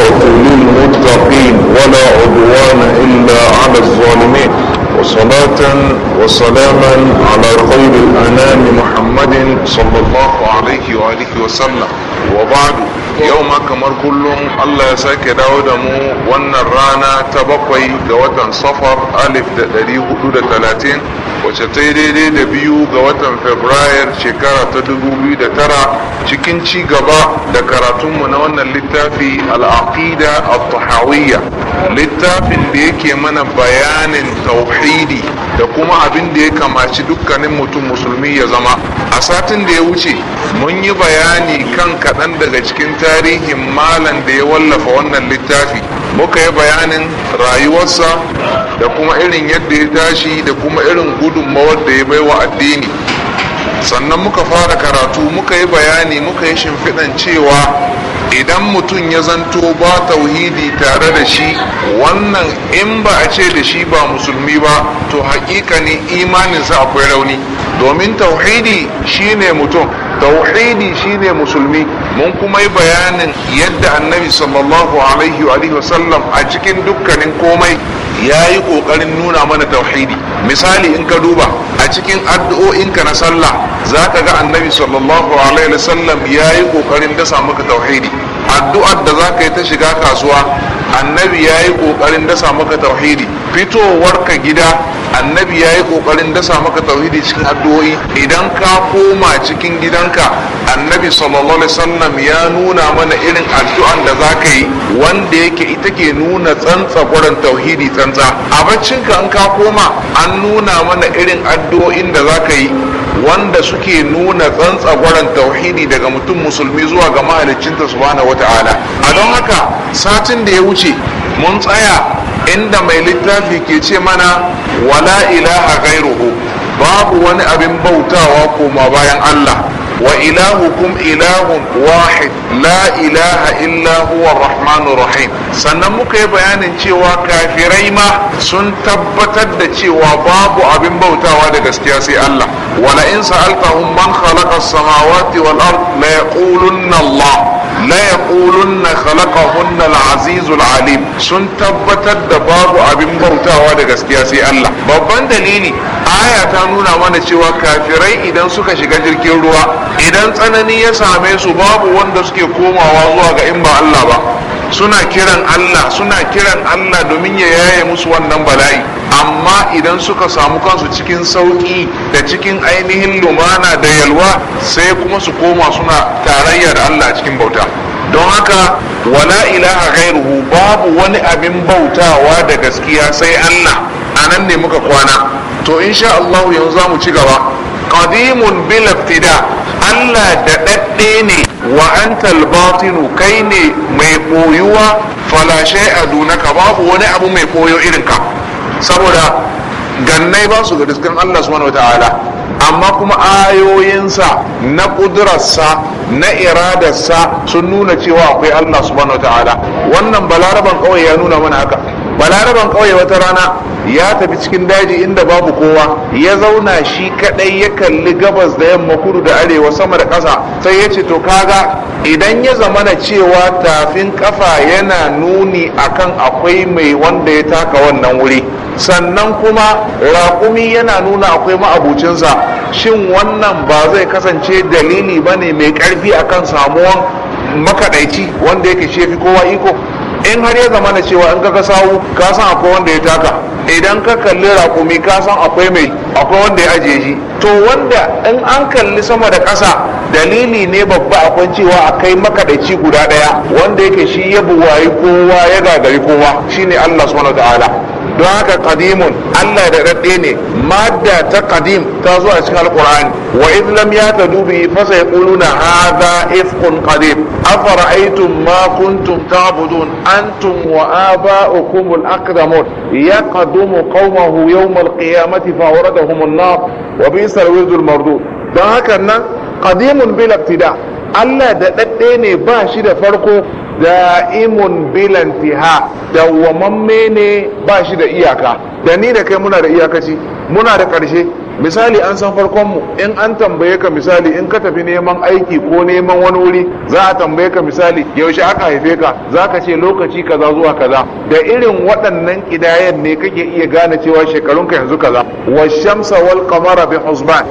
عاقبة للمتقين ولا عدوان إلا على الظالمين وصلاة وسلاما على خير الأنام محمد صلى الله عليه وآله وسلم wa ba'du yau ma kamar kullum Allah ya sake dawo da mu wannan rana ta bakwai ga watan safar alif da dari hudu da talatin wacce ta yi daidai da biyu ga watan fabrair shekara ta dubu biyu da tara cikin ci gaba da karatunmu na wannan littafi al'aqida al-tahawiyya littafin da yake mana bayanin tauhidi da kuma abin da ya kamaci dukkanin mutum musulmi ya zama a satin da ya wuce mun yi bayani kan kaɗan daga cikin tarihin malam da ya wallafa wannan littafi muka yi bayanin rayuwarsa da kuma irin yadda ya tashi da kuma irin gudunmawar da ya baiwa addini sannan muka fara karatu muka yi bayani muka yi shimfiɗan cewa idan mutum ya zanto ba tauhidi tare da shi wannan in ba a ce da shi ba musulmi ba to ne imaninsa akwai rauni domin tauhidi shine mutum tauhidi shine musulmi mun kuma yi bayanin yadda annabi sallallahu alaihi wa sallam a cikin dukkanin komai ya yi ƙoƙarin nuna mana tauhidi misali in ka duba a cikin addu'o'inka na sallah za ka ga annabi sallallahu alaihi wasallam ya yi ƙoƙarin dasa maka tauhidi addu'ar da za ka yi ta shiga kasuwa annabi ya yi ƙoƙarin dasa maka tauhidi fitowarka gida annabi ya yi kokarin dasa maka tauhidi cikin addu'o'i idan ka koma cikin gidanka annabi sallallahu alaihi wasallam ya nuna mana irin addu'an da za ka yi wanda yake ita ke nuna tsantsa gurin tauhidi tsantsa a ka in ka koma an nuna mana irin addu'o'in da za ka yi wanda suke nuna tsantsa tsantsagwaron tauhidi daga mutum musulmi zuwa ga mahaliccinta subhanahu wata'ala a don haka satin da ya wuce mun tsaya inda mai littafi ke ce mana wala ilaha gairuhu babu wani abin bautawa koma bayan Allah wa ilahukum ilahun wahid la ilaha illa huwa rahmanur rahim sannan muka yi bayanin cewa kafirai ma sun tabbatar da cewa babu abin bautawa da gaskiya sai Allah wala in man khalaqa as-samawati wal ard la yaqulunna Allah la yaqulunna khalaqahunna al-azizul alim sun tabbatar da babu abin bautawa da gaskiya sai Allah babban dalili aya ta nuna mana cewa kafirai idan suka shiga jirgin ruwa idan tsanani ya same su babu wanda suke komawa zuwa ga in ba Allah ba suna kiran Allah suna kiran Allah domin ya yaye musu wannan bala'i amma idan suka samu kansu cikin sauƙi da cikin ainihin lumana da yalwa sai kuma su koma suna tarayya da Allah a cikin bauta don haka wala ilaha ghairuhu babu wani abin bautawa da gaskiya sai Allah anan ne muka kwana to insha Allah yanzu za mu ci gaba qadimun bil ibtida Allah da ɗaɗɗe ne wa an talbatinu kai ne mai koyuwa falashe a dunaka babu wani abu mai koyo ka saboda gannai ba su ga diskin Allah subhanahu ta'ala amma kuma ayoyinsa na ƙudurarsa na iradarsa sun nuna cewa akwai Allah subhanahu ta'ala wannan balaraban kawai ya nuna mana haka balaraban ƙauye wata rana ya tafi cikin daji inda babu kowa ya zauna shi kadai ya kalli gabas da yamma kudu da arewa sama da ƙasa sai ya ce to kaga idan ya zamana cewa tafin kafa yana nuni akan akwai mai wanda ya taka wannan wuri sannan kuma raƙumi yana nuna akwai ma'abucinsa shin wannan ba zai kasance dalili ba ne mai ƙarfi akan samuwan makaɗaici wanda yake shefi kowa iko in har ya zama na cewa in ka sawu ka san akwai wanda ya taka idan ka kalli rakumi ka san akwai mai akwai wanda ya ajiye shi to wanda in an kalli sama da ƙasa dalili ne babba akwai cewa akai makaɗaici guda ɗaya wanda yake shi ya buwayi kowa ya gagari kowa shine Allah subhanahu wa ta'ala don haka qadimun Allah da dadde ne madda ta qadim ta zuwa a cikin alqur'ani wa id lam ta dubi fa sayquluna hadha ifqun qadim afara'aytum ma kuntum ta'budun antum wa aba'ukum al-aqdamun yaqdumu qawmahu yawm al-qiyamati fa waradahum an-nar wa bi'sa al-wirdu al-mardud don haka nan qadimun bil ibtida Allah da dadde ne ba shi da farko da'imun bilantiha dawwamamme ne ba shi da iyaka da ni da kai muna da iyakaci muna da ƙarshe misali an san farkon mu in an tambaye ka misali in ka tafi neman aiki ko neman wani wuri za a tambaye ka misali yaushe aka haife ka za ka ce lokaci kaza zuwa kaza da irin waɗannan ƙidayen ne kake iya gane cewa shekarunka yanzu kaza wa shamsa wal qamara bi husban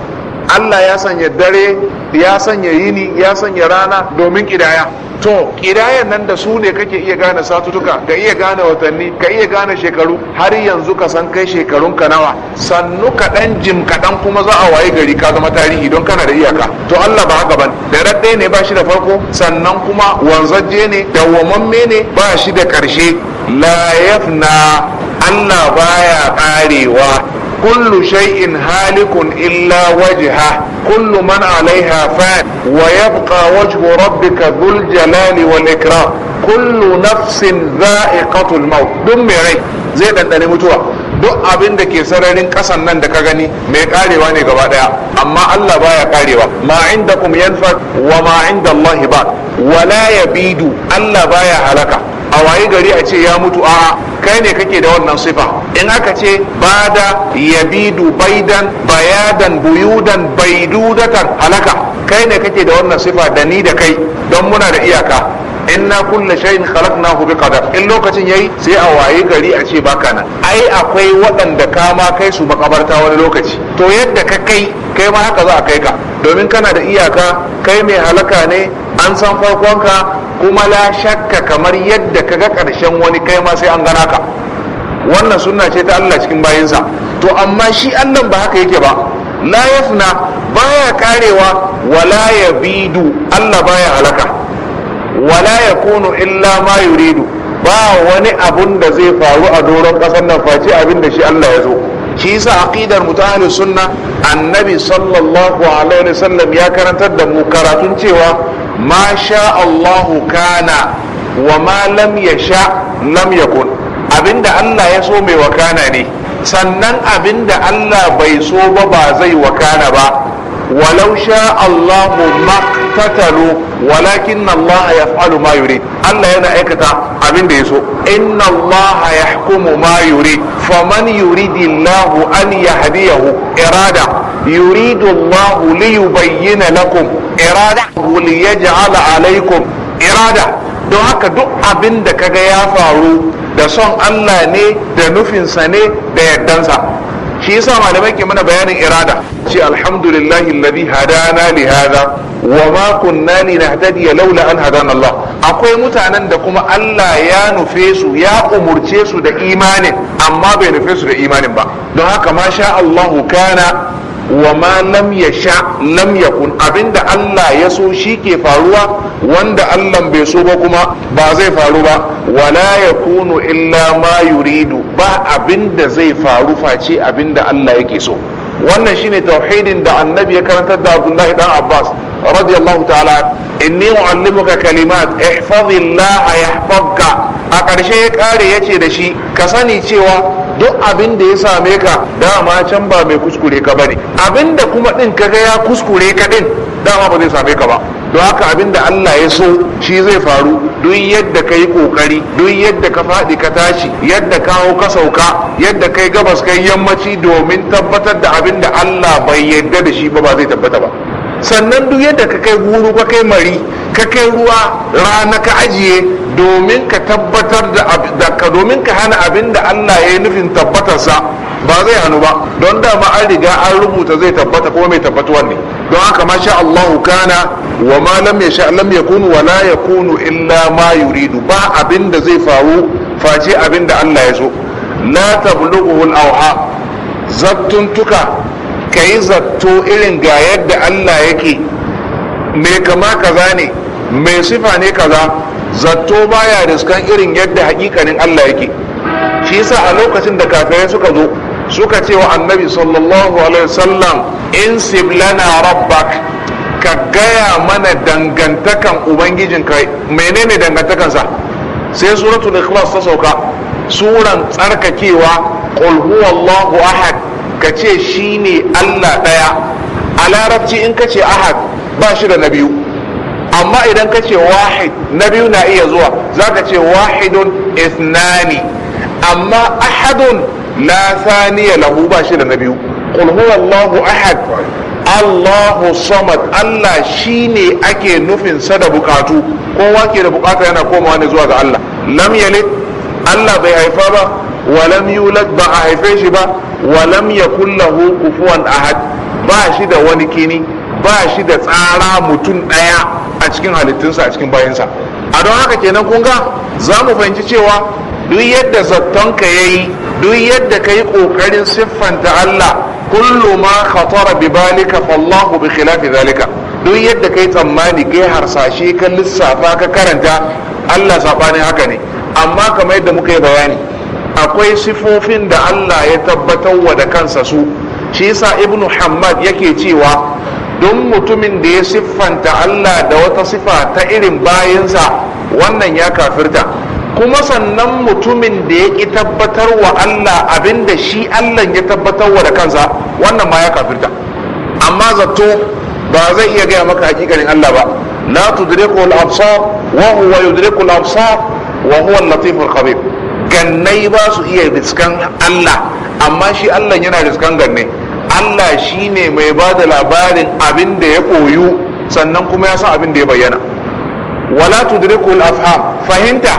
Allah ya sanya dare ya sanya yini ya sanya rana domin ƙidaya to kirayen nan da su ne kake iya gane satutuka ka iya gane watanni ka iya gane shekaru har yanzu ka san kai shekarun ka nawa sannu kaɗan jim kaɗan kuma za a waye gari ka zama tarihi don kana da iyaka to Allah ba haka da radde ne ba shi da farko sannan kuma wanzaje ne dawwamamme ne ba shi da karshe la yafna Allah baya ƙarewa kullu shai'in, halikun illa wajha kullu man 'alayha fan wa yabqa wajhu rabbika dhul jalali wal ikram kullu nafsin dha'iqatul maut duk mai rai zai dandane mutuwa duk abin da ke sararin ƙasan nan da ka gani mai ƙarewa ne gaba ɗaya, amma Allah baya karewa ma indakum yanfa wa ma inda Allah ba wala yabidu Allah baya halaka a waye gari a ce ya mutu a kai ne kake da wannan sifa in aka ce bada yabidu baidan bayadan buyudan baidudatan halaka kai ne kake da wannan sifa da ni da kai don muna da iyaka In inna kulla shay'in khalaqnahu biqadar in lokacin yayi sai a waye gari a ce baka nan ai akwai waɗanda ka ma kai su makabarta wani lokaci to yadda ka kai kai ma haka za a kai ka domin kana da iyaka kai mai halaka ne an san farkonka kuma la shakka kamar yadda kaga karshen wani kai ma sai an gana ka wannan sunna ce ta Allah cikin bayansa to amma shi Allah ba haka yake ba la yafna baya karewa wala yabidu Allah baya halaka wala yakunu illa ma yuridu ba wani abun da zai faru a doron kasar nan face abin da shi Allah ya zo shi yasa aqidar mu ta sunna annabi sallallahu alaihi wasallam ya karantar da mu karatun cewa Masha sha Allahu kana wa malam ya sha lam yakun abinda Allah ya so mai wakana ne sannan abinda Allah bai so ba ba zai wakana ba walau sha Allahu maqtatalu walakin Allah yaf'alu ma yurid Allah yana aikata abinda ya so inna Allah yahkumu ma yurid faman yuridillahu an yahdiyahu irada يريد الله ليبين لكم إرادته ليجعل عليكم إرادة don haka duk abin da kaga ya faru da son Allah ne da nufinsa ne da yardansa shi yasa malamai ke mana bayanin irada ce alhamdulillahi alladhi hadana li hada wa ma kunna linahtadiya laula an hadana Allah akwai mutanen da kuma Allah ya nufe su ya umurce su da imanin amma bai nufe su da imanin ba don haka ma sha Allahu kana wa ma lam yasha lam abin abinda Allah ya so shi ke faruwa wanda Allah bai so ba kuma ba zai faru ba wala ya kunu illa ma yuridu ba abinda zai faru face abinda Allah yake so wannan shine tauhidin da annabi ya karantar da Abdullahi dan Abbas radiyallahu ta'ala inni u'allimuka kalimat ihfazillah yahfazka a ƙarshe ya kare yace da shi ka sani cewa duk abin da ya same ka dama can ba mai kuskure ka bane abin da kuma din kaga ya kuskure ka din dama ba zai same ka ba don haka abin da Allah ya so shi zai faru duk yadda ka yi kokari duk yadda ka faɗi ka tashi yadda kawo ka sauka yadda kai gabas kai yammaci domin tabbatar da abin da Allah bai yarda da shi ba ba zai tabbata ba sannan duk yadda ka kai guru ka kai mari ka kai ruwa rana ka ajiye domin ka tabbatar da ka domin ka hana abin da Allah ya yi nufin tabbatarsa ba zai hannu ba don dama an riga an rubuta zai tabbata kuma mai tabbatuwan ne don haka ma sha Allahu kana wa ma lam yasha lam yakunu wa la yakunu illa ma yuridu ba abin da zai faru face abin da Allah ya so la tablughu al-awha zabtuntuka ka yi zato irin ga yadda Allah yake mai kama kaza ne mai sifa ne kaza zato baya riskan irin yadda hakikanin Allah yake shi yasa a lokacin da kafirai suka zo suka ce wa annabi sallallahu alaihi wasallam in siblana rabbak ka gaya mana dangantakan ubangijin kai menene sa sai suratul ikhlas ta sauka suran tsarkakewa qul huwallahu ahad ka ce shi ne allah ɗaya a larabci in ka ce ahad ba shi da na biyu amma idan ka ce wahid na biyu na iya zuwa za ka ce wahidun isnani amma ahadun la saniya lahu ba shi da na biyu qul huwallahu ahad Allahu samad Allah shi ne ake nufin sa da bukatu kowa ke da bukata yana komawa ne zuwa ga Allah lam yalid Allah bai haifa ba walam yulad ba a haife shi ba walam ya lahu hukufuwan ahad ba shi da wani kini ba shi da tsara mutum ɗaya a cikin halittunsa a cikin bayansa a don haka kenan kun ga za mu fahimci cewa duk yadda zaton ya yi duk yadda ka yi ƙoƙarin siffanta Allah kullu ma khatara bi balika fallahu bi khilafi zalika duk yadda ka tsammani kai harsashe ka lissafa ka karanta Allah saɓanin haka ne amma kamar yadda muka yi bayani akwai sifofin da Allah ya tabbatar wa da kansa su shi yasa ibnu hammad yake cewa don mutumin da ya siffanta Allah da wata sifa ta irin bayansa wannan ya kafirta kuma sannan mutumin da ya ƙi tabbatar wa Allah abinda shi Allah ya tabbatar wa da kansa wannan ma ya kafirta amma zato ba zai iya gaya maka hakikanin Allah ba la tudrikul absar wa huwa yudrikul absar wa huwa al-latiful khabir gannai ba su iya riskan Allah amma shi Allah yana riskan ganne Allah shi ne mai ba da labarin abin da ya koyu sannan kuma ya san abin da ya bayyana wala tudrikul afham fahimta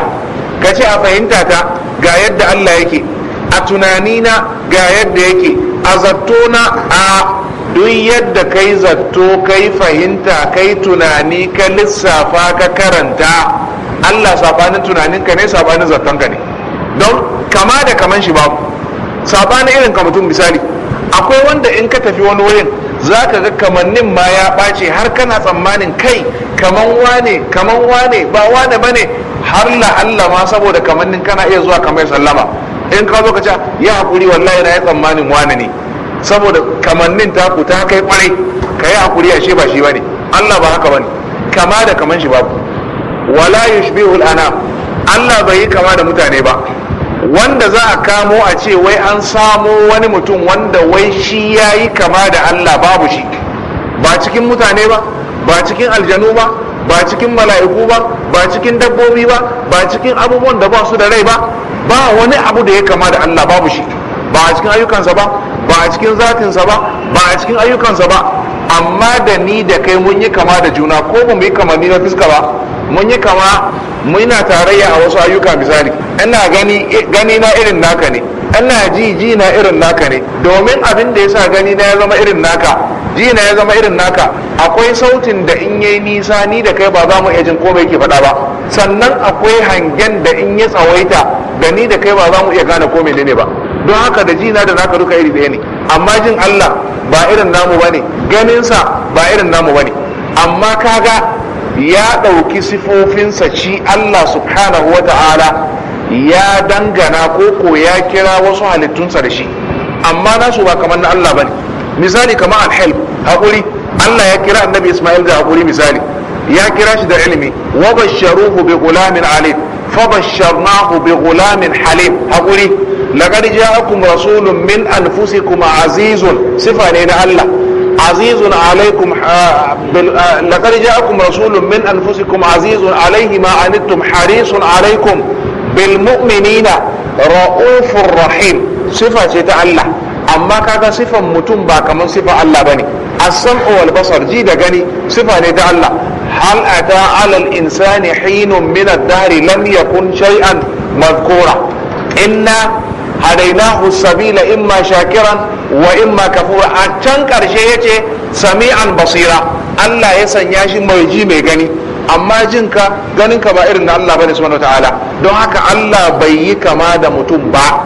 kace a fahimta ta ga yadda Allah yake a tunanina ga yadda yake a na? a duk yadda kai zato kai fahimta kai tunani ka lissafa ka karanta Allah sabanin tunaninka ne sabanin zattonka ne don kama da kaman shi babu sabanin irin ka mutum misali akwai wanda in ka tafi wani wurin za ka ga kamannin ma ya ɓace har kana tsammanin kai kaman wane kaman wane ba wane ba ne har la'alla ma saboda kamannin kana iya zuwa kamar sallama in ka zo ka ce ya haƙuri wallahi na ya tsammanin wane ne saboda kamannin ta ku ta kai kwarai ka yi haƙuri a ba shi ba ne allah ba haka ba ne kama da kaman shi babu wala al anam Allah bai yi kama da mutane ba wanda za a kamo a ce wai an samo wani mutum wanda wai shi ya yi kama da Allah babu shi ba cikin mutane ba ba cikin aljanu ba ba cikin mala'iku ba ba cikin dabbobi ba ba cikin abubuwan da ba su da rai ba ba wani abu da ya kama da Allah babu shi ba a cikin ayyukansa ba ba a cikin zatinsa ba ba a cikin ayyukansa ba amma da ni da kai mun yi kama da juna ko ba mu yi kamanni na fiska ba mun yi kama muna tarayya a wasu ayyuka misali ina gani gani na irin naka ne ina ji ji na irin naka ne domin abin da yasa gani na ya zama irin naka ji na ya zama irin naka akwai sautin da in yayi nisa ni da kai ba za mu iya jin komai ke faɗa ba sannan akwai hangen da in ya tsawaita da ni da kai ba za mu iya gane komai ne ba don haka da jina da naka duka iri ɗaya ne amma jin Allah ba irin namu bane ganinsa ba irin namu bane amma kaga ya ɗauki sifofinsa ci Allah subhanahu wa ta'ala ya dangana koko ya kira wasu halittunsa da shi amma nasu ba kamar na Allah ba ne misali kamar alhel haƙuri Allah ya kira annabi Ismail da haƙuri misali ya kira shi da ilimi wa basharuhu bi gulamin alim fa basharnahu bi gulamin halim haƙuri laqad ja'akum rasulun min anfusikum azizun sifa ne na Allah عزيز عليكم آه، آه، لقد جاءكم رسول من انفسكم عزيز عليه ما عنتم حريص عليكم بالمؤمنين رؤوف رحيم صفة جيت أما كذا صفة متنبا كمن صفة الله بني السمع والبصر جيدا جني صفة جيت هل أتى على الإنسان حين من الدهر لم يكن شيئا مذكورا إن hadainahu sabila imma shakiran wa imma kafura a can karshe yace sami'an basira Allah ya sanya shi mai ji mai gani amma jinka ganinka ba irin na Allah bane subhanahu wataala don haka Allah bai yi kama da mutum ba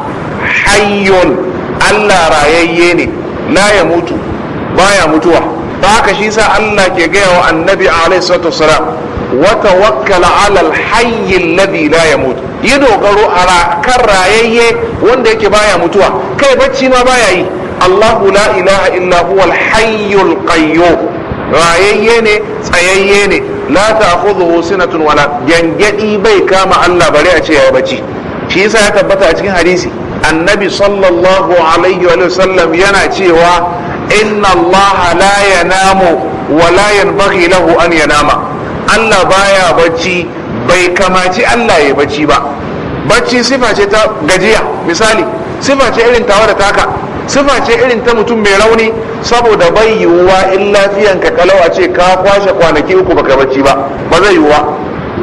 hayyun Allah rayayye ne la ya mutu baya mutuwa ta haka shi sa Allah ke gaya wa annabi alaihi salatu wata wakala alal hayyin labila la mutu yi dogaro a kan rayayye wanda yake baya mutuwa kai bacci ma baya yi Allahu la ilaha illa huwal hayyul qayyum rayayye ne tsayayye ne la ta'khudhuhu sinatun wala gangadi bai kama Allah bare a ce ya bacci shi yasa ya tabbata a cikin hadisi annabi sallallahu alaihi wa sallam yana cewa inna Allah la yanamu wa la yanbaghi lahu an yanama Allah baya bacci bai kamaci Allah ya bacci ba bacci sifa ce ta gajiya misali sifa ce irin tawa da taka sifa ce irin ta mutum mai rauni saboda bai yiwuwa in lafiyan ka kalau a ce ka kwashe kwanaki uku baka bacci ba ba zai yiwuwa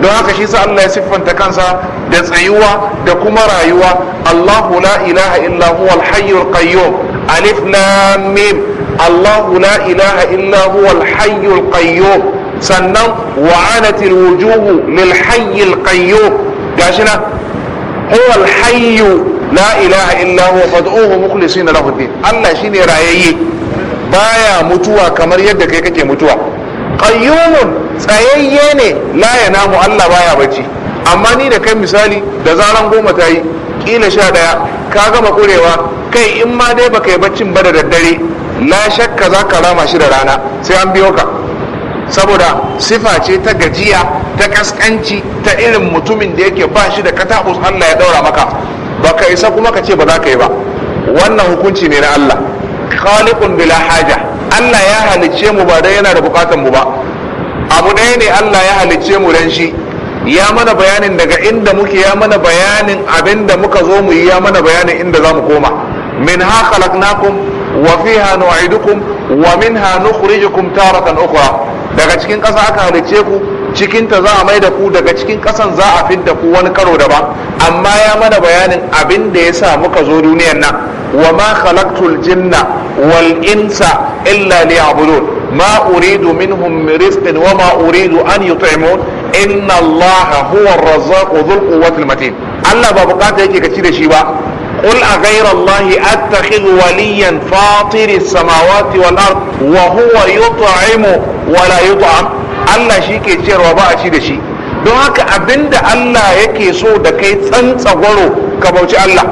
don haka shi sa Allah ya siffanta kansa da tsayuwa da kuma rayuwa Allahu la ilaha illa huwa al-hayyul qayyum alif lam mim Allahu la ilaha illa huwa al-hayyul qayyum sannan wa'anatil wujuhu lil hayyil qayyum gashi na huwa al hayyu la ilaha illa huwa fad'uhu mukhlisina lahu din Allah shine rayayye baya mutuwa kamar yadda kai kake mutuwa Ƙayyumun tsayayye ne la yanamu Allah baya bacci amma ni da kai misali da zaran goma ta yi kila sha daya ka gama kurewa kai in ma dai baka yi baccin ba da daddare la shakka za ka rama shi da rana sai an biyo ka saboda sifa ce ta gajiya ta kaskanci ta irin mutumin da yake ba shi da katabus Allah ya daura maka baka isa kuma ka ce ba za ka yi ba wannan hukunci ne na Allah khaliqun bila haja Allah ya halicce mu ba dan yana da bukatan mu ba abu ɗaya ne Allah ya halicce mu dan shi ya mana bayanin daga inda muke ya mana bayanin abinda muka zo mu yi ya mana bayanin inda za mu koma min ha khalaqnakum wa fiha nu'idukum wa minha nukhrijukum taratan ukhra daga cikin ƙasa aka halicce ku Cikinta za a mai da ku daga cikin ƙasan za a fidda ku wani karo daban amma ya mana bayanin abin da ya sa muka zo duniyar nan wa ma khalaqtul jinna wal insa illa liya'budun ma uridu minhum rizqin wa ma uridu an yut'imun inna allaha huwa ar-razzaqu dhul quwwati matin Allah ba bukata yake ka ci da shi ba قل أغير الله أتخذ وليا فاطر السماوات والأرض وهو يطعم ولا يطعم الله شي ke cewa ba a ci da shi don haka abinda Allah yake so da kai tsantsagwaro ka bauci Allah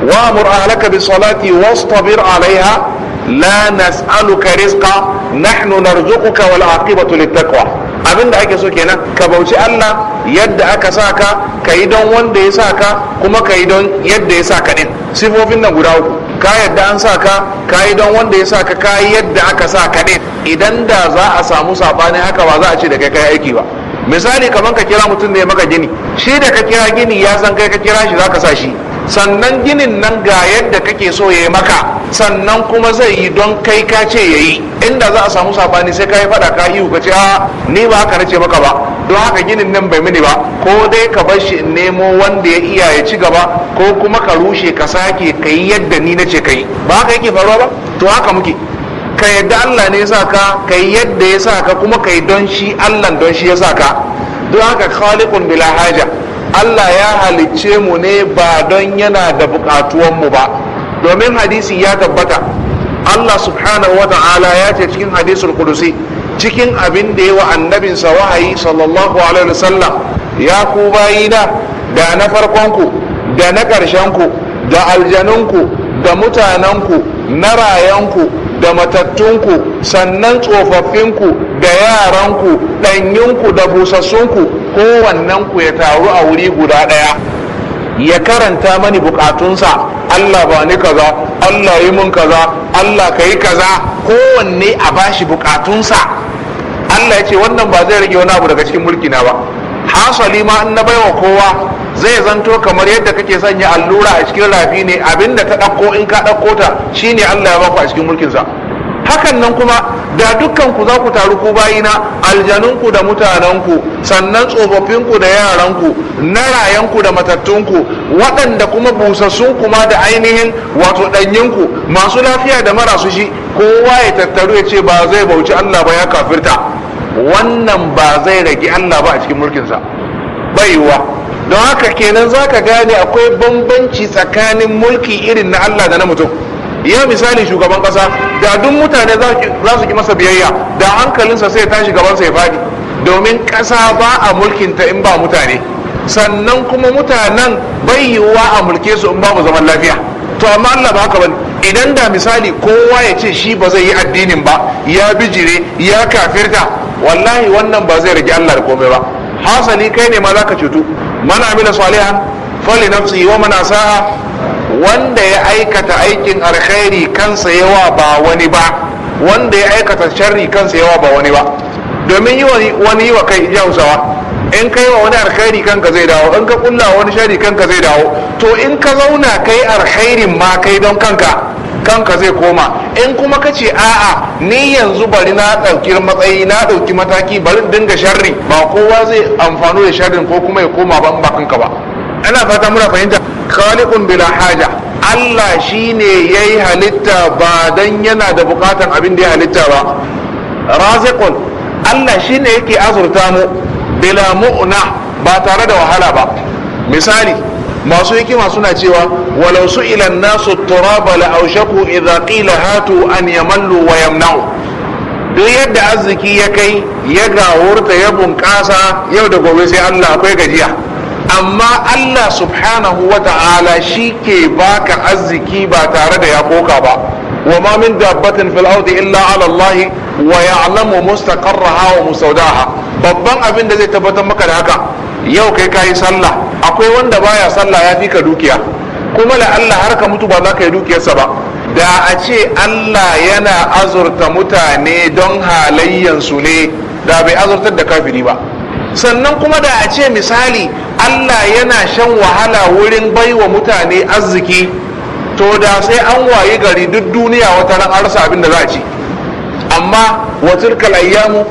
wa amur bi salati wastabir alaiha lanas nas'aluka rizqa nahnu narzuquka wal aqibatu littaqwa abin da ake so kenan ka bauci Allah yadda aka sa ka ka yi don wanda ya sa ka kuma ka yi don yadda ya sa ka din sifofin nan guda uku ka yadda an sa ka ka yi don wanda ya sa ka ka yi yadda aka sa ka din idan da za a samu saɓanin haka ba za a ce da kai kai aiki ba misali kamar ka kira mutum da ya maka gini shi da ka kira gini ya san kai ka kira shi za ka sa shi sannan ginin nan ga yadda kake so ya yi maka sannan kuma zai yi don kai ka ce ya yi inda za a samu sabani sai ka yi fada ka yi ka ce a ah, ni ba haka nace maka ba don haka ginin nan bai mini ba ko dai ka bar shi in nemo wanda ya iya ya ci gaba ko kuma ka rushe ka sake ka yi yadda ni nace ka yi ba haka yake faruwa ba to haka muke ka yadda Allah ne ya sa ka ka yi yadda ya sa ka kuma ka yi don shi Allah don shi ya sa ka don haka khaliqun bila haja Allah ya halicce mu ne ba don yana da bukatuwan mu ba domin hadisi ya tabbata Allah subhanahu wa ta'ala ya ce cikin hadisul kudusi cikin abin da wa annabinsa wahayi sallallahu alaihi wasallam ya ku bayina da na farkonku da na ƙarshenku da aljanunku da mutanenku na rayanku da matattunku sannan tsofaffinku da yaranku ɗanyinku da busassunku kowannenku ya taru a wuri guda ɗaya ya karanta mani bukatunsa Allah ba ni kaza Allah yi mun kaza Allah ka yi kaza kowanne a bashi bukatunsa Allah ya ce wannan ba zai rage wani abu daga cikin mulki na ba hasali ma an nabai wa kowa zai zanto kamar yadda kake sanya allura a cikin rafi ne abinda ka ɗauko in ka ɗauko ta shine Allah ya baku a cikin mulkinsa hakan nan kuma da dukkan ku za ku taru ku bayina aljanunku da mutanenku sannan tsofaffinku da yaranku na rayanku da matattunku waɗanda kuma busassunku ma da ainihin wato ɗanyinku masu lafiya da marasu shi kowa ya tattaru ya ce ba zai bauci Allah ba ya kafirta wannan ba zai rage Allah ba a cikin mulkinsa baiwa don haka kenan za ka gane akwai bambanci tsakanin mulki irin na Allah da na mutum ya misali shugaban kasa da duk mutane za su ki masa biyayya da hankalinsa sai tashi gabansa ya fadi domin kasa ba a mulkinta in ba mutane sannan kuma mutanen bai yiwuwa a mulke su in mu zaman lafiya to amma Allah ba haka bane idan da misali kowa ya ce shi ba zai yi addinin ba ya bijire ya kafirta wallahi wannan ba zai rage Allah da komai ba hasali kai ne ma zaka cutu man amila salihan fali nafsi wa man asaa wanda ya aikata aikin alkhairi kansa yawa ba wani ba wanda ya aikata sharri kansa yawa ba wani ba domin yi wani yi wa kai ji hausawa in kai wa wani alkhairi kanka zai dawo in ka kulla wani sharri kanka zai dawo to in ka zauna kai alkhairin ma kai don kanka kanka zai koma in kuma ka ce a'a ni yanzu bari na ɗauki matsayi na ɗauki mataki bari dinga sharri ba kowa zai amfano da sharrin ko kuma ya koma ban ba kanka ba ana fata muna fahimta khaliqun bila haja Allah shine yayi halitta ba dan yana da bukatan abin da ya halitta ba raziqun Allah shine yake azurta mu bila mu'na ba tare da wahala ba misali masu hikima suna cewa walau su ilan nasu turaba la aushaku idza qila hatu an yamallu wa yamna'u duk yadda arziki ya kai ya gawurta ya bunƙasa yau da gobe sai Allah akwai gajiya amma Allah subhanahu wa ta'ala shi ke baka arziki ba tare da ya koka ba wa ma min dabbatin fil ardi illa ala Allah wa ya'lamu mustaqarraha wa musawdaha babban abin da zai tabbatar maka da haka yau kai kayi sallah akwai wanda baya sallah ya fi ka dukiya kuma la Allah har ka mutu ba za ka yi dukiyarsa ba da a ce Allah yana azurta mutane don halayyansu ne da bai azurtar da kafiri ba sannan kuma da a ce misali Allah yana shan wahala wurin bai wa mutane arziki to da sai an waye gari duk duniya wata ran sabin abin da za a ci amma wa tilkal ayyamu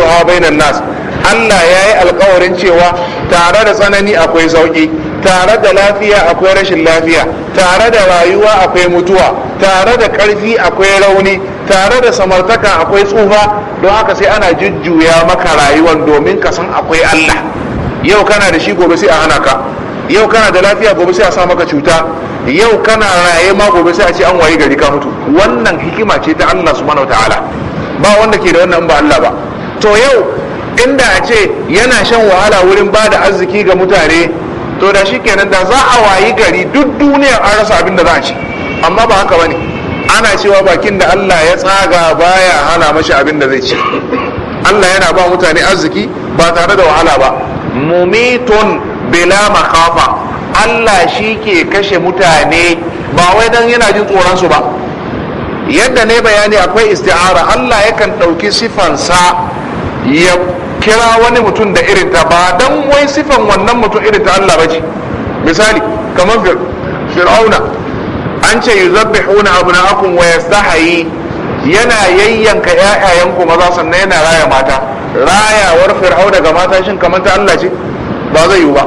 ha bainan nas Allah ya yi alkawarin cewa tare da tsanani akwai sauki tare da lafiya akwai rashin lafiya tare da rayuwa akwai mutuwa tare da ƙarfi akwai rauni tare da samartaka akwai tsufa don haka sai ana jujjuya maka rayuwar domin ka san akwai Allah yau kana da shi gobe sai a hana ka yau kana da lafiya gobe sai a sa maka cuta yau kana raye ma gobe sai a ce an waye gari ka mutu wannan hikima ce ta Allah subhanahu wataala ba wanda ke da wannan ba Allah ba to yau inda a ce yana shan wahala wurin ba da arziki ga mutane to da shi kenan da za a wayi gari duk duniya an rasa abin da za a ci amma ba haka ba ne ana cewa bakin da Allah ya tsaga baya hana mashi abin da zai ci Allah yana ba mutane arziki ba tare da wahala ba mumitun bila makafa Allah shi ke kashe mutane ba wai don yana jin tsoronsu ba yadda ne bayani akwai isti'ara Allah yakan ɗauki sifansa ya kira wani mutum da irin ta ba don wai sifan wannan mutum irin ta Allah ba ce misali kamar fir'auna an ce na na wa yastahayi yana yayyanka 'ya'yayanku maza sannan yana raya mata rayawar fir'auna daga mata shin kamar ta Allah ce ba zai yiwu ba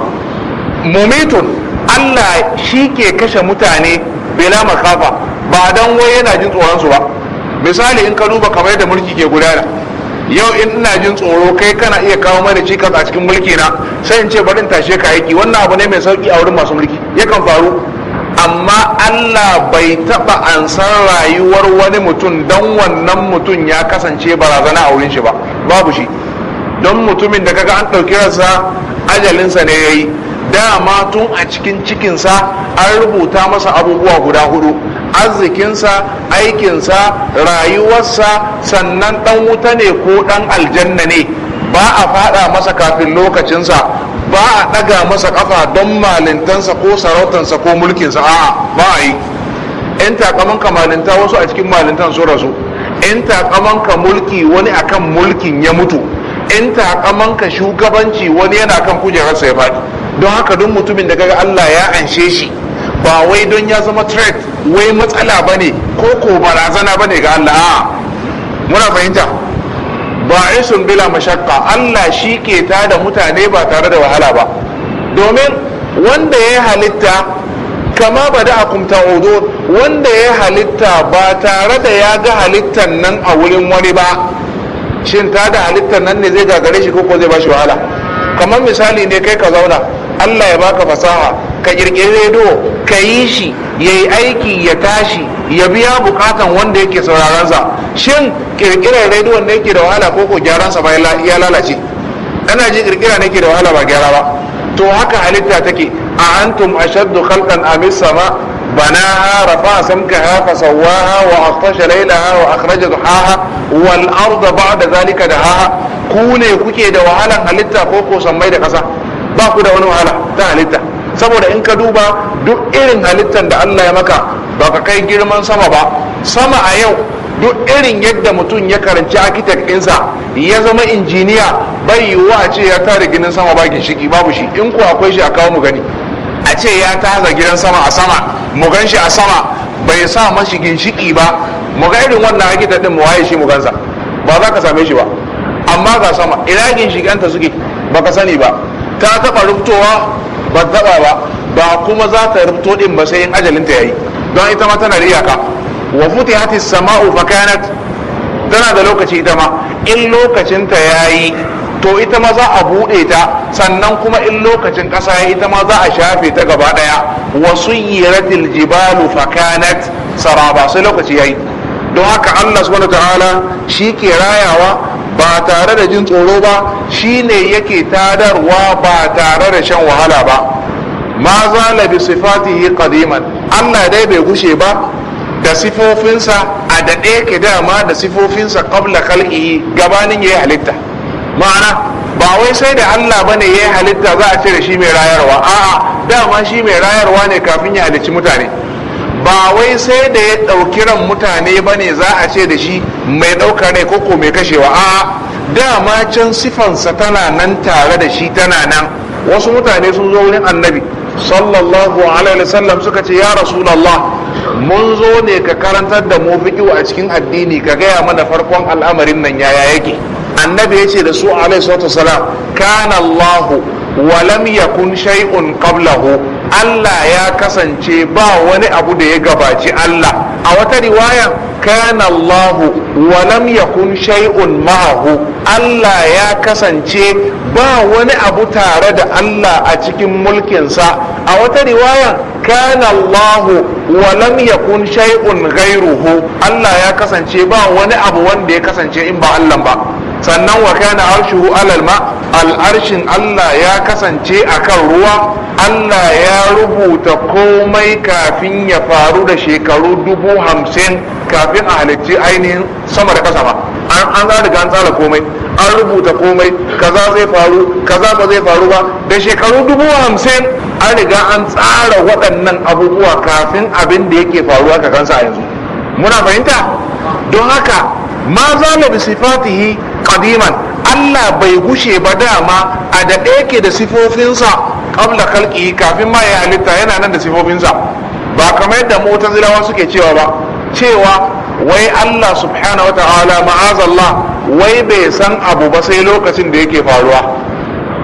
mumitun Allah shi ke kashe mutane bila makafa ba dan wai yana jin tsoron su ba misali in ka duba kamar da mulki ke gudana yau in ina jin tsoro kai kana iya kawo mana cikas a cikin mulki na sai in ce bari in tashe ka aiki wannan abu ne mai sauki a wurin masu mulki yakan faru amma Allah bai taba ansan rayuwar wani mutum don wannan mutum ya kasance barazana a wurin shi ba babu shi don mutumin da kaga an ɗauki ransa ajalinsa ne ya yi dama tun a cikin cikinsa an rubuta masa abubuwa guda hudu arzikinsa aikinsa rayuwarsa sannan ɗan wuta ne ko ɗan aljanna ne ba a faɗa masa kafin lokacinsa ba a ɗaga masa ƙafa don malintansa ko sarautansa ko mulkinsa a ba a yi 'yan takamanka malinta wasu a cikin malintan su rasu in takamanka mulki wani akan mulkin ya mutu in takamanka shugabanci wani yana kan kujerarsa ya faɗi don haka duk mutumin da kaga Allah ya anshe shi ba wai don ya zama threat wai matsala ba ne? ko ko barazana ne ga Allah muna fahimta ba isun bila mashakka Allah shi ke tada mutane ba tare da wahala ba domin wanda ya halitta kama ba bada akumta odo. wanda ya halitta ba tare da ya ga halittar nan a wurin wani ba shin ta da halittar nan ne zai gagare shi ko zai ba shi wahala kamar misali ne kai ka zauna allah ya baka fasaha ka kirkiri redo ka yi shi ya yi aiki ya tashi ya biya bukatan wanda yake sauraransa shin kirkirar rediyon ne ke da wahala ko ko gyaransa ba ya lalace ana ji kirkira ne ke da wahala ba gyara ba to haka halitta take a antum ashaddu khalqan amis sama بناها رفع سمكها فسواها وأغطش ليلها وأخرج ضحاها والأرض بعد ذلك دهاها كوني كوكي da wahalan halitta ko ko da kasa ba ku da wani wahala ta halitta saboda in ka duba duk irin halittar da Allah ya maka ba ka kai girman sama ba sama a yau duk irin yadda mutum ya karanci architect ɗinsa ya zama injiniya bai yiwuwa a ce ya tare ginin sama ba ginshiki babu shi in ku akwai shi a kawo mu gani ce ya taza gidan sama a sama mu gan shi a sama bai sa mashi ginshiki ba mu ga irin wannan akida din mu waye shi mu gansa ba za ka same shi ba amma ga sama ina ginshikanta suke baka sani ba ta taba rubutowa ba taba ba ba kuma za ta rubuto din ba sai in ajalin ta yayi don ita ma tana da iyaka wa futihatis sama'u fa kanat tana da lokaci ita ma in lokacin ta yayi to ita ma za a buɗe ta sannan kuma in lokacin ƙasa ya ita ma za a shafe ta gaba ɗaya wasu yiratil jibalu fakanat saraba sai lokaci yayi don haka Allah subhanahu ta'ala shi ke rayawa ba tare da jin tsoro ba shi ne yake tadarwa ba tare da shan wahala ba ma la bi sifatihi qadiman Allah dai bai gushe ba da sifofinsa a daɗe ke dama da sifofinsa qabla khalqihi gabanin yayi halitta ma'ana ba wai sai da Allah bane ya halitta za a ce da shi mai rayarwa a'a dama shi mai rayarwa ne kafin ya halicci mutane ba wai sai da ya ɗauki ran mutane bane za a ce da shi mai ɗauka ne koko mai kashewa a'a dama can sifansa tana nan tare da shi tana nan wasu mutane sun zo wurin annabi sallallahu alaihi wasallam suka ce ya rasulullah mun zo ne ka karantar da mu fiƙi a cikin addini ka gaya mana farkon al'amarin nan yaya yake annabi ya ce da su alaihi salatu wasalam kana allahu walam yakun shay'un qablahu allah ya kasance ba wani abu da ya gabaci allah a wata riwaya kanallahu allahu ya lam yakun shay'un ma'ahu allah ya kasance ba wani abu tare da allah a cikin mulkinsa a wata riwaya kan allahu wa lam yakun shay'un ghairuhu allah ya kasance ba wani abu wanda ya kasance in ba allah ba sannan wa kana arshuhu alal ma al'arshin Allah ya kasance akan ruwa Allah ya rubuta komai kafin ya faru da shekaru dubu hamsin kafin a halicci ainihin sama da kasa ba an za da an tsara komai an rubuta komai kaza zai faru kaza ba zai faru ba da shekaru dubu hamsin an riga an tsara waɗannan abubuwa kafin abin da yake faruwa ka kansa a yanzu muna fahimta don haka ma zala bi sifatihi qadiman Allah bai gushe ba dama a daɗe ke da sifofinsa kabla kalki kafin ma ya halitta yana nan da sifofinsa ba kamar yadda mu'tazilawa suke cewa ba cewa wai Allah subhanahu wataala ma'azallah wai bai san abu ba sai lokacin da yake faruwa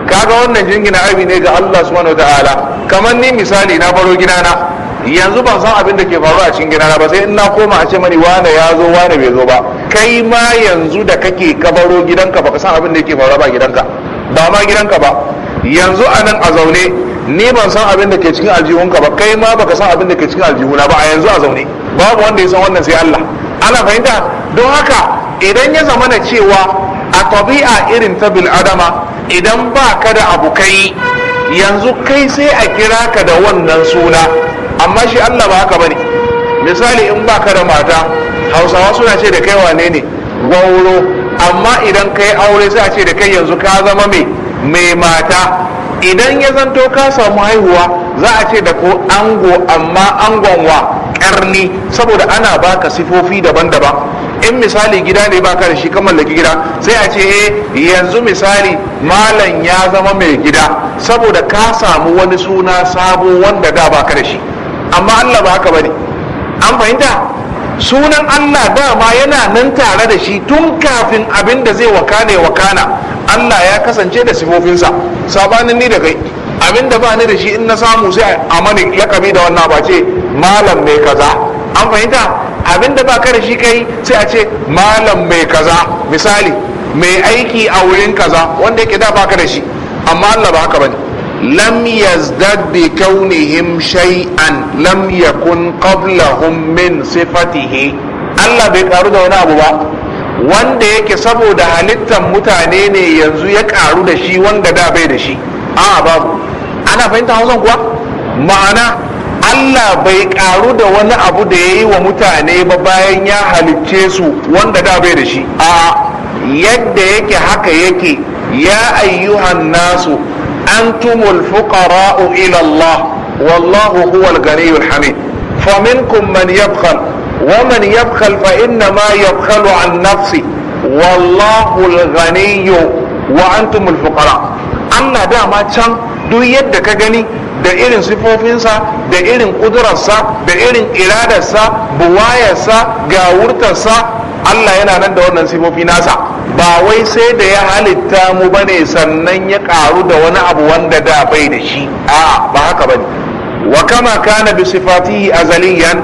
kaga wannan jingina abi ne ga Allah subhanahu wataala kamar ni misali na baro na. yanzu ban san abin da ke faru a cikin gidana ba sai in na koma a ce mani wane ya zo wane bai zo ba kai ma yanzu da kake kabaro gidanka baka san abin da ke faru ba gidanka ba ma gidanka ba yanzu a nan a zaune ni ban san abin da ke cikin aljihunka ba kai ma baka san abin da ke cikin aljihuna ba a yanzu a zaune babu wanda ya san wannan sai Allah ana fahimta don haka idan ya zama na cewa a tabi'a irin ta bil'adama idan ba ka da kai yanzu kai sai a kira ka da wannan suna amma shi allah ba haka bane misali in baka da mata hausawa suna ce da kai wane ne gwauro amma idan kai aure sai a ce da kai yanzu ka zama mai mai mata idan ya zanto ka samu haihuwa za a ce da ko ango amma angon wa karni saboda ana baka sifofi daban-daban in misali gida ne baka da shi ka mallaki gida sai a ce eh yanzu misali malam ya zama mai gida saboda ka samu wani suna sabo wanda da baka da shi amma Allah ba haka bane an fahimta sunan Allah dama yana nan tare da shi tun kafin abin da zai wakane wakana Allah ya kasance da sifofinsa sabanin ni da kai abin da ba ni da shi in na samu sai a mani ya lakabi da wannan ba ce malam mai kaza an fahimta abin da ba ka da shi kai sai a ce malam mai kaza misali mai aiki a wurin kaza wanda yake da ba ka da shi amma Allah ba haka bane lam yazdad bi kaunihim shay'an lam yakun qablahum min sifatihi Allah bai karu da wani abu ba wanda yake saboda halittar mutane ne yanzu ya karu da shi wanda da bai da shi a babu ana fahimta hausan kuwa ma'ana Allah bai ƙaru da wani abu da ya yi wa mutane ba bayan ya halicce su wanda da bai da shi a yadda yake haka yake ya ayyuhan nasu antumul fuqara'u ila Allah wallahu huwal ganiyul hamid faminkum man yabkhal wa man yabkhal fa innama yabkhalu an nafsi wallahu al-ghaniyyu wa antumul fuqara Allah dama can duk yadda ka gani da irin sifofinsa da irin kudurarsa da irin iradarsa buwayarsa gawurtarsa Allah yana nan da wannan sifofi nasa ba wai sai da ya halitta mu bane sannan ya karu da wani abu wanda da bai da shi a ba haka bane wa kama kana bi sifatihi azaliyan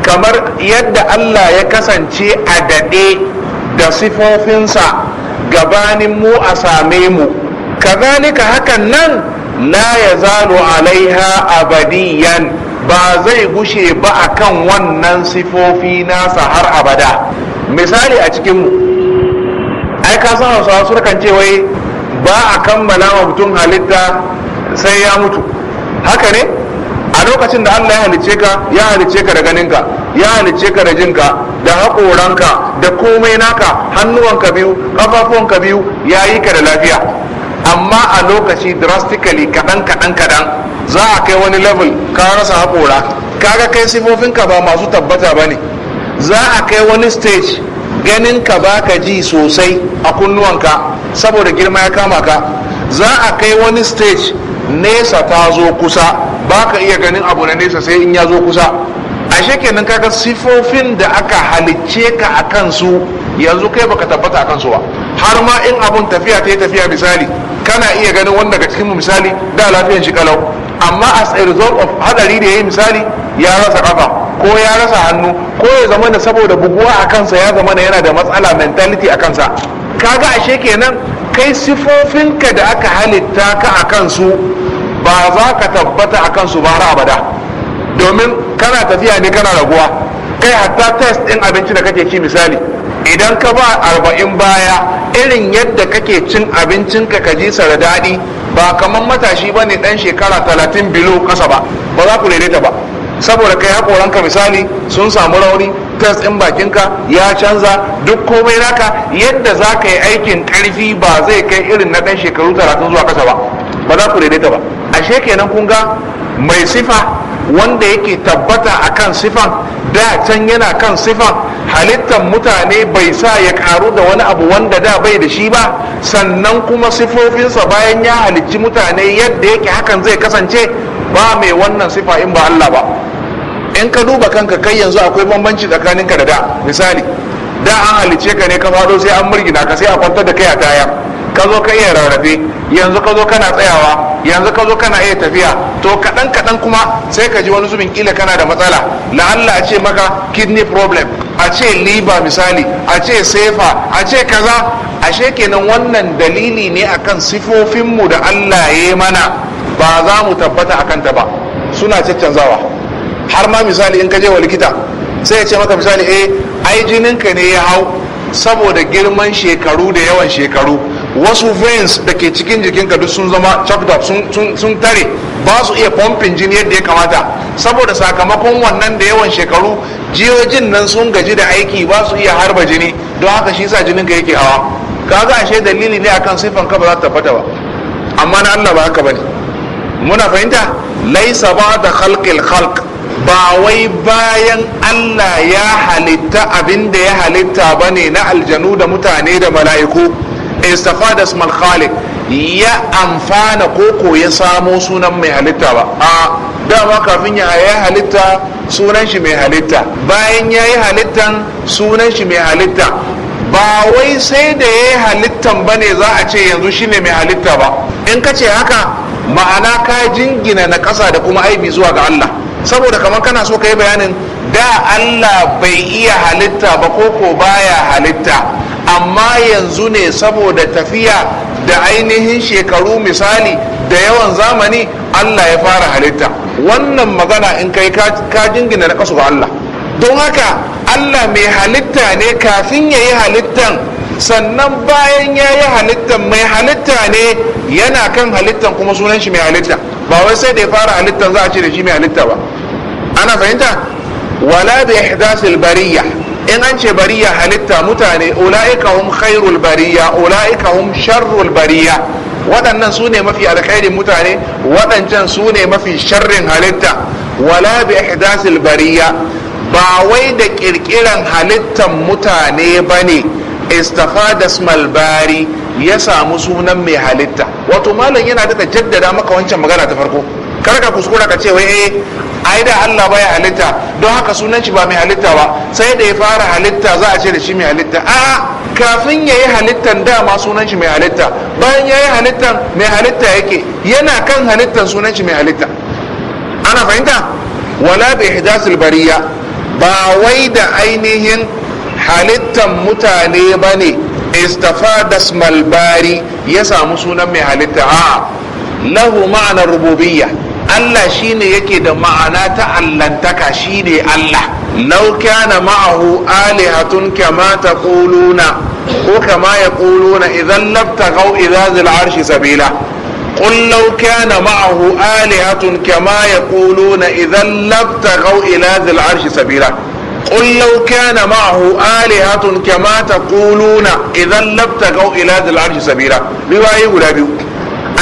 kamar yadda Allah ya kasance a dade da sifofinsa gabanin mu a same mu kazalika hakan nan la yazalu alaiha abadiyan ba zai gushe ba akan wannan sifofi nasa har abada misali a cikin mu ai ka san su sukan ce wai ba a kammala wa mutum halitta sai ya mutu haka ne a lokacin da allah ya halicce ka ya halice ka da ganinka ya halicce ka da jinka da haƙoranka da komai naka hannuwanka biyu ƙafafuwanka biyu ya yi ka da lafiya amma a lokaci drastically kaɗan kaɗan kaɗan za a kai wani level ka rasa haƙora kaga kai sifofinka ba masu tabbata ba ne za a kai wani stage ganin ka baka ji sosai a kunnuwanka saboda girma ya kama ka za a kai wani stage nesa ta zo kusa baka iya ganin abu na nesa sai in ya zo kusa ashe kenan kaga sifofin da aka halicce ka a kansu yanzu kai baka tabbata a kansu ba har ma in abun tafiya ta yi tafiya misali kana iya ganin wanda ga cikin misali da lafiyan shi kalau amma as a result of hadari da ya yi misali ya rasa kafa ko ya rasa hannu ko ya zama da saboda buguwa a kansa ya zama yana da matsala mentality a kansa kaga ashe kenan kai sifofinka da aka halitta ka a kansu ba za ka tabbata a kansu ba har abada domin kana tafiya ne kana raguwa kai hatta test din abinci da kake ci misali idan ka ba arba'in baya irin yadda kake cin abincinka ka ji sara daɗi ba kamar matashi ba ne ɗan shekara talatin bilo ƙasa ba ba za ku daidaita ba saboda kai ka misali sun samu rauni gas ɗin bakinka ya canza duk komai naka yadda za ka yi aikin ƙarfi ba zai kai irin na ɗan shekaru talatin zuwa ƙasa ba ba za ku daidaita ba ashe kenan kun ga mai sifa wanda yake tabbata a kan sifan da can yana kan sifan halittar mutane bai sa ya karu da wani abu wanda da bai da shi ba sannan kuma sifofinsa bayan ya halicci mutane yadda yake hakan zai kasance ba mai wannan sifa in ba Allah ba in ka duba kanka kai yanzu akwai bambanci ka da da misali da an halice ka ne ka fado sai an murgina ka sai a kwantar da kai a taya ka zo ka iya rarrafe yanzu ka zo kana tsayawa yanzu ka zo kana iya tafiya to kaɗan kaɗan kuma sai ka ji wani zubin kila kana da matsala Allah a ce maka kidney problem a ce liver, misali a ce sefa a ce kaza ashe kenan wannan dalili ne akan sifofinmu da allah ya yi mana ba za mu tabbata akan ta ba suna caccanzawa har ma misali in ka je wa likita sai ya ce maka misali eh ai jininka ne ya hau saboda girman shekaru da yawan shekaru wasu veins da ke cikin jikinka duk sun zama chopped up sun tare ba su iya pumping jini yadda ya kamata saboda sakamakon wannan da yawan shekaru jiyojin nan sun gaji da aiki ba su iya harba jini don haka shi sa jinin ka yake hawa kaga ashe dalili ne akan sifan ka ba za ta tabbata ba amma na Allah ba haka bane muna fahimta laisa ba da khalqil khalq ba wai bayan Allah ya halitta abin da ya halitta ba ne na aljanu da mutane da mala'iku istafada ismal ya amfana koko ya samo sunan mai halitta ba a dama kafin ya ya halitta sunan shi mai halitta bayan ya yi halittan sunan shi mai halitta ba wai sai da ya yi halittan ba ne za a ce yanzu shi ne mai halitta ba in ka ce haka ma'ana ka jingina na ƙasa da kuma aibi zuwa ga Allah saboda kamar kana so ka yi bayanin da allah bai iya halitta ba ko ko baya halitta amma yanzu ne saboda tafiya da ainihin shekaru misali da yawan zamani allah ya fara halitta wannan magana in kai ka jingina na kasu ga allah don haka allah mai halitta ne kafin ya yi halittan sannan bayan ya yi halittan mai halitta ne yana kan halittan kuma sunan shi mai halitta ba wai sai da ya fara halitta za a ce da shi mai halitta ba ana fahimta wala bi ihdasil bariyya in an ce bariya halitta mutane ula'ika hum khairul bariya ula'ika hum sharrul bariya waɗannan su ne mafi alkhairin mutane waɗancan su ne mafi sharrin halitta wala bi ihdasil bariya ba wai da kirkiran halittan mutane bane istafada smal bari ya samu sunan mai halitta wato malam yana daɗa jaddada maka wancan magana ta farko kar ka kuskura ka ce wai eh ai da Allah baya halitta don haka sunan shi ba mai halitta ba sai da ya fara halitta za a ce da shi mai halitta a kafin yayi halittan dama sunan shi mai halitta bayan yayi halittan mai halitta yake yana kan halittan sunan shi mai halitta ana fahimta wala bi ihdasil bariya ba wai da ainihin halittan mutane bane استفاد اسم الباري يسا مسونا مهالتا آه. له معنى الربوبية الله شيني يكيد معنى تعلن تكاشيني الله لو كان معه آلهة كما تقولون وكما يقولون إذا لابتغوا إلى ذي العرش سبيلا قل لو كان معه آلهة كما يقولون إذا لابتغوا إلى ذي العرش سبيلا قل لو كان معه آلهة كما تقولون إذا لابتغوا إلى ذي العرش سبيلا رواية guda biyu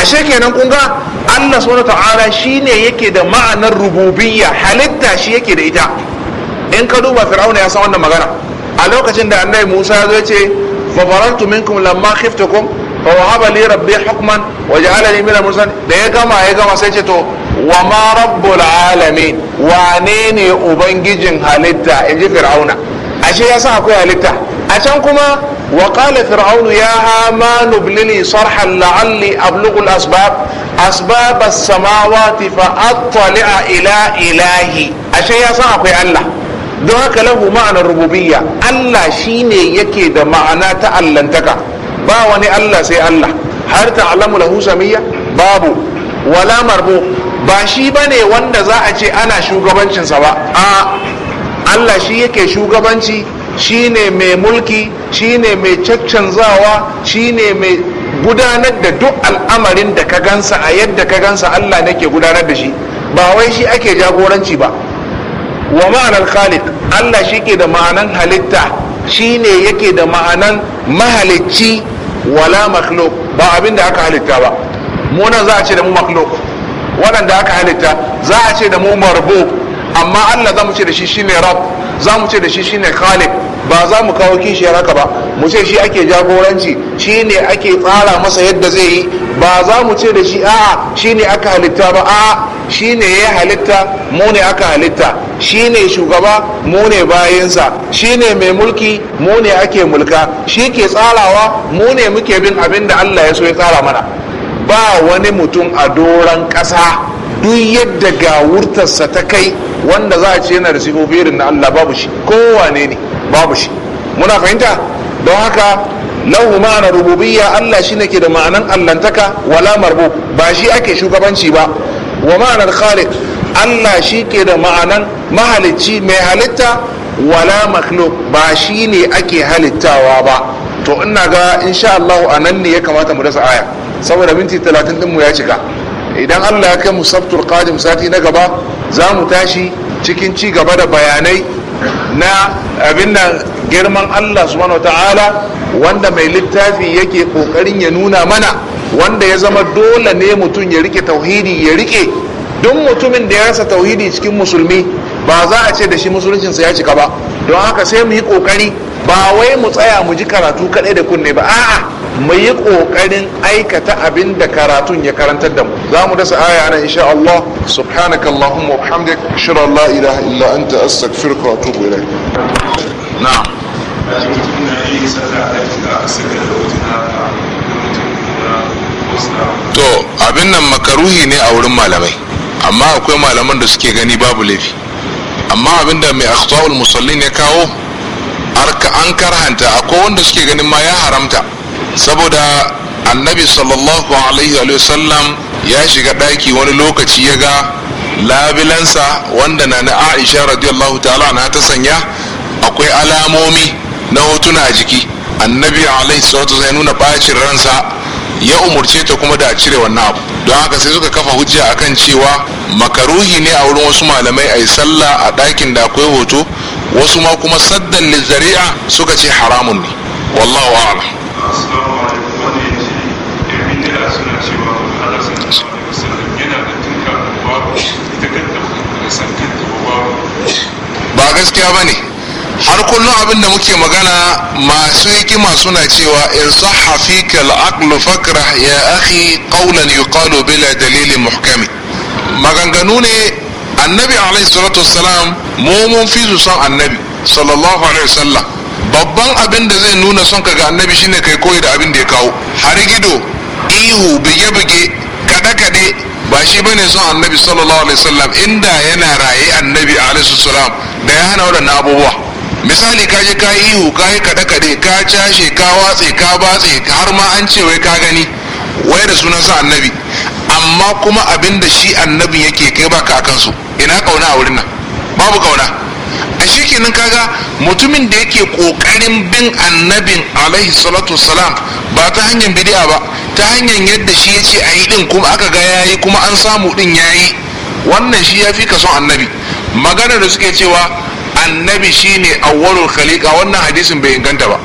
ashe kenan kun ga Allah subhanahu ta'ala shi ne yake da ma'anar rububiyya halitta shi yake da ita in ka duba fir'auna ya san wannan magana a lokacin da annabi Musa ya ce fa farantu minkum lamma khiftukum fa wahaba rabbi hukman waje ja'alani min musan. da ya gama ya gama sai ce to wa ma rabbul wane ne ubangijin halitta in ji fir'auna ashe ya sa akwai halitta a can kuma wa qala fir'aunu ya hama blili sarhan la'alli ablughu al-asbab asbab as-samawati fa attali'a ila ilahi ashe ya sa akwai Allah don haka lahu ma'anar rububiyya Allah shine yake da ma'ana ta allantaka ba wani Allah sai Allah Harta ta'lamu lahu babu wala marbu ba shi ba ne wanda za a ce ana shugabancinsa ba a allah shi yake shugabanci shi ne mai mulki shi ne mai caccanzawa shi ne mai gudanar da duk al'amarin da ka gansa a yadda ka gansa allah nake gudanar da shi ba wai shi ake jagoranci ba wa ma'anar khalid allah shi ke da ma'anan halitta shi ne yake da ma'anan mahalicci wala makhluk ba abin da aka halitta ba mu nan za a ce da mu makhluk waɗanda aka halitta za a ce da mu marbu amma Allah za mu ce da shi shine rab za mu ce da shi shine khaliq ba za mu kawo kishi haka ba mu ce shi ake jagoranci shi ne ake tsara masa yadda zai yi ba za mu ce da shi a'a shi ne aka halitta ba a'a shi ne ya halitta mu ne aka halitta shi ne shugaba mu ne bayansa shi ne mai mulki mu ne ake mulka shi ke tsarawa mu ne muke bin abin da allah ya so ya tsara mana ba wani mutum a doron ƙasa duk yadda ga wurtarsa ta kai wanda za a ce yana da sifofi na Allah babu shi kowane ne babu shi muna fahimta don haka lahu ma'ana rububiyya Allah shi ke da ma'anan allantaka wala marbu ba shi ake shugabanci ba wa ma'anar khalid, Allah shi ke da ma'anan mahalicci mai halitta wala makhluk ba shi ne ake halittawa ba to ina ga insha Allah a nan ne ya kamata mu dasa aya saboda minti talatin dinmu ya cika idan allah ya kai mu sabtul qadim sati na gaba za mu tashi cikin ci gaba da bayanai na abin da girman allah subhanahu ta'ala wanda mai littafi yake kokarin ya nuna mana wanda ya zama dole ne mutum ya rike tauhidi ya rike duk mutumin da ya rasa tauhidi cikin musulmi ba za a ce da shi musuluncinsa ya cika ba don haka sai mu yi kokari ba wai mu tsaya mu ji karatu kaɗai da kunne ba a'a mu yi ƙoƙarin aikata abin da karatun ya karantar da mu za mu dasa aya nan insha Allah subhanaka Allahumma wa bihamdik ashhadu an la ilaha illa anta astaghfiruka wa atubu ilayk na'am to abin nan makaruhi ne a wurin malamai amma akwai malaman da suke gani babu laifi amma abin da mai akhtawul musallin ya kawo arka an karhanta akwai wanda suke ganin ma ya haramta saboda annabi sallallahu alaihi wa sallam ya shiga ɗaki wani lokaci ya ga labilansa wanda na na aisha radiyallahu ta'ala na ta sanya akwai alamomi na hotuna a jiki annabi alaihi sallallahu ya nuna bacin ransa ya umurce ta kuma da cire wannan abu don haka sai suka kafa hujja akan cewa makaruhi ne a wurin wasu malamai a yi sallah a ɗakin da akwai hoto wasu ma kuma saddan lizzari'a suka ce haramun ne wallahu a'lam Ba gaskiya ba ne. bane har kullum abin da muke magana masu hikima suna cewa in sahafi fika al-aqlu fakrah ya akhi qawlan yuqalu bila dalilin muhkami maganganu ne annabi alaihi salatu wassalam mu mun fi su san annabi sallallahu alaihi wasallam babban abin da zai nuna son ka ga annabi shine kai koyi da abin da ya kawo gido ihu bige-bige kaɗe-kaɗe ba shi bane son annabi sallallahu alaihi wasallam inda yana raye annabi alaihi salam da ya hana wannan abubuwa misali ka je ka ihu ka yi kaɗe-kaɗe ka cashe ka watse ka batse har ma an ce wai ka gani wai da sunan sa annabi amma kuma abin da shi annabi yake kai ba ka kansu ina kauna a wurin nan babu kauna a kenan kaga mutumin da yake kokarin bin annabin alaihi salatu salam ba ta hanyar bidiya ba ta hanyar yadda shi ya ce a yi din kuma aka ga yayi kuma an samu din yayi wannan shi ya fi ka son annabi magana da suke cewa annabi shine awwalul khaliqa wannan hadisin bai inganta ba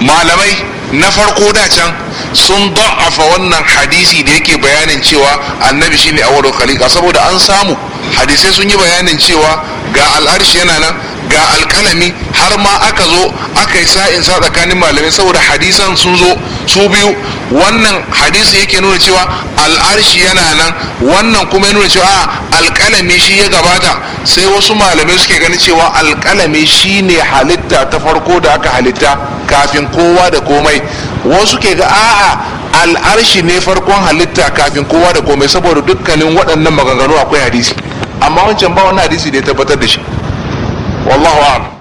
malamai na farko da can sun da'afa wannan hadisi da yake bayanin cewa annabi shi shine awwalul khaliqa saboda an samu hadisai sun yi bayanin cewa ga al'arshi yana nan ga alkalami har ma aka zo aka yi sa'in sa tsakanin malamai saboda hadisan sun zo su biyu wannan hadisi yake nuna cewa al'arshi yana nan wannan kuma ya nuna cewa alkalami shi ya gabata sai wasu malamai suke gani cewa alkalami shi ne halitta ta farko da aka halitta kafin kowa da komai wasu ke ga a'a al'arshi ne farkon halitta kafin kowa da komai saboda dukkanin waɗannan maganganu akwai hadisi amma wancan ba wani hadisi da ya tabbatar da shi والله أعلم